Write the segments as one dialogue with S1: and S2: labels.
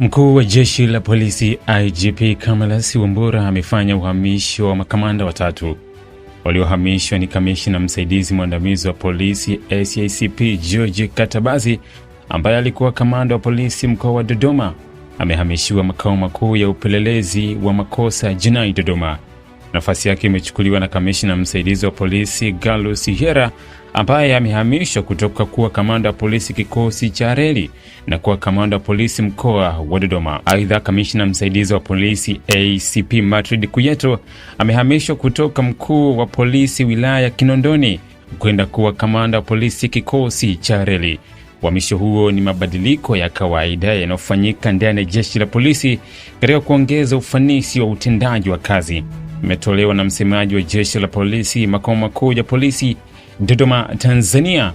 S1: Mkuu wa Jeshi la Polisi IGP Camillus Wambura amefanya uhamisho wa makamanda watatu. Waliohamishwa ni kamishna msaidizi mwandamizi wa polisi SACP George Katabazi ambaye alikuwa kamanda wa polisi mkoa wa Dodoma, amehamishiwa makao makuu ya upelelezi wa makosa jinai Dodoma. Nafasi yake imechukuliwa na kamishna msaidizi wa polisi Gallus Hyera ambaye amehamishwa kutoka kuwa kamanda wa polisi kikosi cha reli na kuwa kamanda wa polisi mkoa wa Dodoma. Aidha, kamishna msaidizi wa polisi ACP Matridi kuyeto amehamishwa kutoka mkuu wa polisi wilaya ya Kinondoni kwenda kuwa kamanda wa polisi kikosi cha reli. Uhamisho huo ni mabadiliko ya kawaida yanayofanyika ndani ya jeshi la polisi katika kuongeza ufanisi wa utendaji wa kazi. Imetolewa na msemaji wa jeshi la polisi makao makuu ya polisi Dodoma, Tanzania.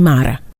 S2: Neymar.